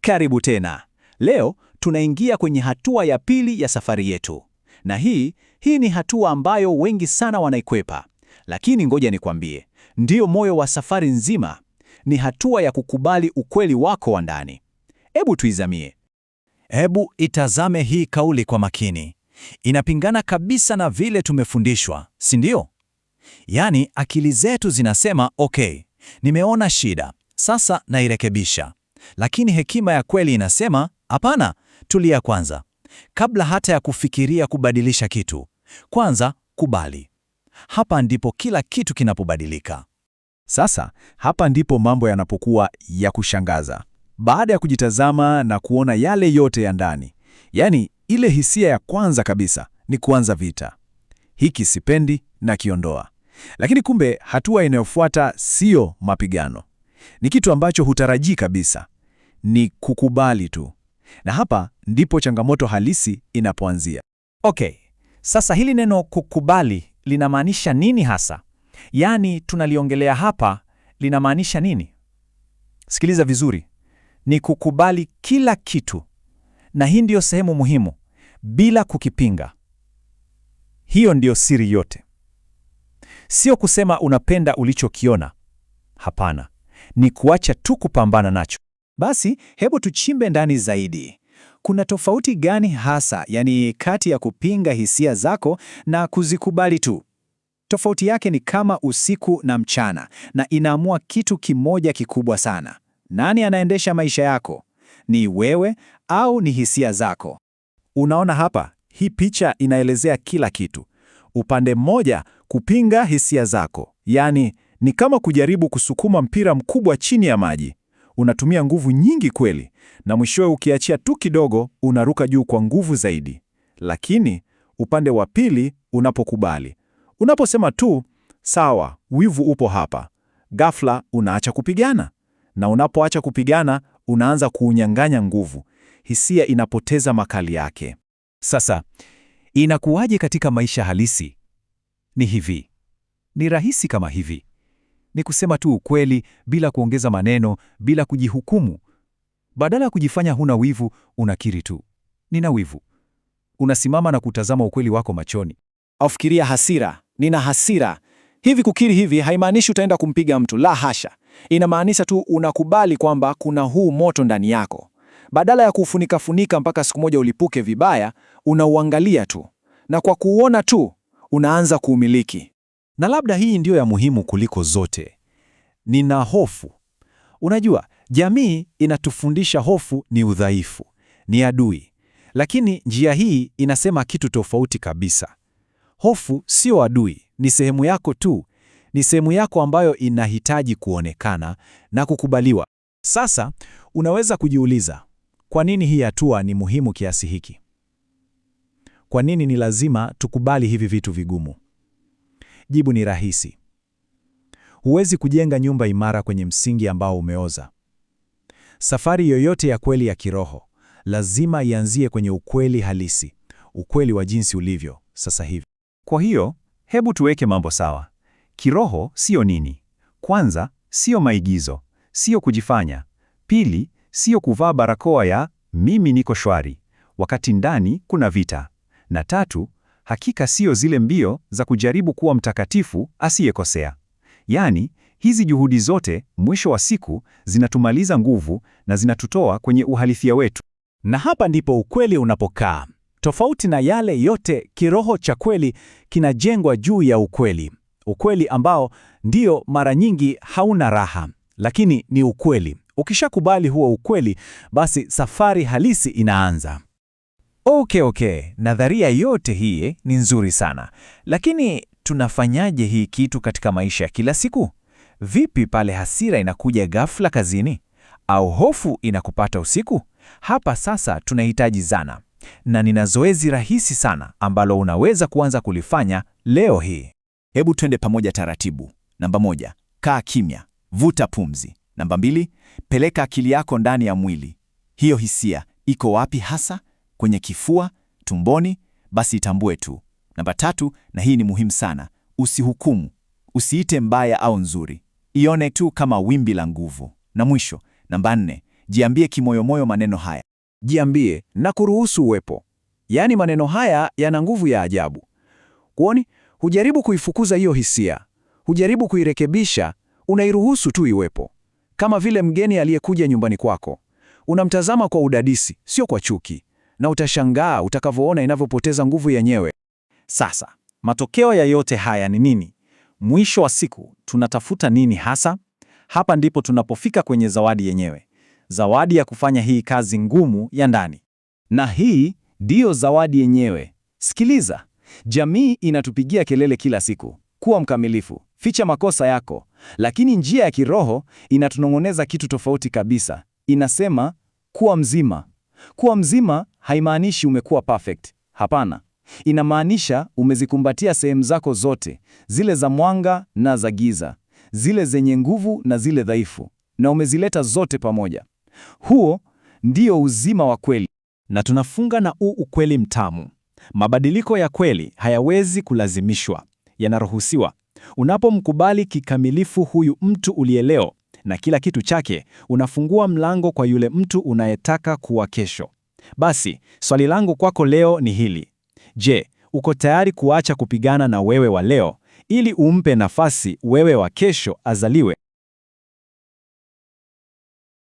Karibu tena. Leo tunaingia kwenye hatua ya pili ya safari yetu, na hii hii ni hatua ambayo wengi sana wanaikwepa, lakini ngoja nikwambie, ndiyo moyo wa safari nzima. Ni hatua ya kukubali ukweli wako wa ndani. Hebu tuizamie, hebu itazame hii kauli kwa makini. Inapingana kabisa na vile tumefundishwa, si ndio? Yaani akili zetu zinasema okay, nimeona shida sasa nairekebisha lakini hekima ya kweli inasema hapana, tulia kwanza, kabla hata ya kufikiria kubadilisha kitu. Kwanza kubali. Hapa ndipo kila kitu kinapobadilika. Sasa hapa ndipo mambo yanapokuwa ya kushangaza. Baada ya kujitazama na kuona yale yote ya ndani, yaani ile hisia ya kwanza kabisa ni kuanza vita, hiki sipendi na kiondoa. Lakini kumbe hatua inayofuata siyo mapigano, ni kitu ambacho hutarajii kabisa, ni kukubali tu, na hapa ndipo changamoto halisi inapoanzia. Okay, sasa hili neno kukubali linamaanisha nini hasa? Yaani tunaliongelea hapa linamaanisha nini? Sikiliza vizuri, ni kukubali kila kitu, na hii ndiyo sehemu muhimu, bila kukipinga. Hiyo ndiyo siri yote. Sio kusema unapenda ulichokiona. Hapana, ni kuacha tu kupambana nacho. Basi hebu tuchimbe ndani zaidi. Kuna tofauti gani hasa, yani, kati ya kupinga hisia zako na kuzikubali tu? Tofauti yake ni kama usiku na mchana, na inaamua kitu kimoja kikubwa sana: nani anaendesha maisha yako? Ni wewe au ni hisia zako? Unaona hapa, hii picha inaelezea kila kitu. Upande mmoja, kupinga hisia zako, yani ni kama kujaribu kusukuma mpira mkubwa chini ya maji unatumia nguvu nyingi kweli, na mwishowe ukiachia tu kidogo, unaruka juu kwa nguvu zaidi. Lakini upande wa pili unapokubali, unaposema tu sawa, wivu upo hapa, ghafla unaacha kupigana, na unapoacha kupigana, unaanza kuunyang'anya nguvu. Hisia inapoteza makali yake. Sasa inakuwaje katika maisha halisi? Ni hivi, ni rahisi kama hivi ni kusema tu ukweli bila kuongeza maneno, bila kujihukumu. Badala ya kujifanya huna wivu, unakiri tu, nina wivu. Unasimama na kutazama ukweli wako machoni. Afikiria hasira, nina hasira. Hivi kukiri hivi haimaanishi utaenda kumpiga mtu, la hasha. Inamaanisha tu unakubali kwamba kuna huu moto ndani yako. Badala ya kuufunika funika mpaka siku moja ulipuke vibaya, unauangalia tu, na kwa kuuona tu unaanza kuumiliki. Na labda hii ndiyo ya muhimu kuliko zote, nina hofu. Unajua, jamii inatufundisha hofu ni udhaifu, ni adui, lakini njia hii inasema kitu tofauti kabisa. Hofu sio adui, ni sehemu yako tu, ni sehemu yako ambayo inahitaji kuonekana na kukubaliwa. Sasa unaweza kujiuliza, kwa nini hii hatua ni muhimu kiasi hiki? Kwa nini ni lazima tukubali hivi vitu vigumu? Jibu ni rahisi. Huwezi kujenga nyumba imara kwenye msingi ambao umeoza. Safari yoyote ya kweli ya kiroho lazima ianzie kwenye ukweli halisi, ukweli wa jinsi ulivyo sasa hivi. Kwa hiyo, hebu tuweke mambo sawa. Kiroho siyo nini? Kwanza, siyo maigizo, siyo kujifanya. Pili, siyo kuvaa barakoa ya mimi niko shwari wakati ndani kuna vita. Na tatu, hakika siyo zile mbio za kujaribu kuwa mtakatifu asiyekosea. Yaani, hizi juhudi zote mwisho wa siku zinatumaliza nguvu na zinatutoa kwenye uhalisia wetu. Na hapa ndipo ukweli unapokaa. Tofauti na yale yote, kiroho cha kweli kinajengwa juu ya ukweli, ukweli ambao ndio mara nyingi hauna raha, lakini ni ukweli. Ukishakubali huo ukweli, basi safari halisi inaanza. Okay, okay, nadharia yote hii ni nzuri sana, lakini tunafanyaje hii kitu katika maisha ya kila siku? Vipi pale hasira inakuja ghafla kazini au hofu inakupata usiku? Hapa sasa tunahitaji zana, na nina zoezi rahisi sana ambalo unaweza kuanza kulifanya leo hii. Hebu twende pamoja taratibu. Namba moja, kaa kimya, vuta pumzi. Namba mbili, peleka akili yako ndani ya mwili. Hiyo hisia iko wapi hasa? kwenye kifua, tumboni, basi itambue tu. Namba tatu, na hii ni muhimu sana, usihukumu, usiite mbaya au nzuri, ione tu kama wimbi la nguvu. Na mwisho, namba nne, jiambie kimoyomoyo maneno haya, jiambie na kuruhusu uwepo. Yaani maneno haya yana nguvu ya ajabu. Kuoni, hujaribu kuifukuza hiyo hisia, hujaribu kuirekebisha, unairuhusu tu iwepo, kama vile mgeni aliyekuja nyumbani kwako. Unamtazama kwa udadisi, sio kwa chuki na utashangaa utakavyoona inavyopoteza nguvu yenyewe. Sasa matokeo ya yote haya ni nini? Mwisho wa siku tunatafuta nini hasa? Hapa ndipo tunapofika kwenye zawadi yenyewe, zawadi ya kufanya hii kazi ngumu ya ndani. Na hii ndiyo zawadi yenyewe. Sikiliza, jamii inatupigia kelele kila siku, kuwa mkamilifu, ficha makosa yako, lakini njia ya kiroho inatunong'oneza kitu tofauti kabisa. Inasema kuwa mzima. Kuwa mzima haimaanishi umekuwa perfect. Hapana, inamaanisha umezikumbatia sehemu zako zote, zile za mwanga na za giza, zile zenye nguvu na zile dhaifu, na umezileta zote pamoja. Huo ndio uzima wa kweli. Na tunafunga na huu ukweli mtamu: mabadiliko ya kweli hayawezi kulazimishwa, yanaruhusiwa. Unapomkubali kikamilifu huyu mtu uliye leo na kila kitu chake, unafungua mlango kwa yule mtu unayetaka kuwa kesho. Basi swali langu kwako leo ni hili: je, uko tayari kuacha kupigana na wewe wa leo ili umpe nafasi wewe wa kesho azaliwe?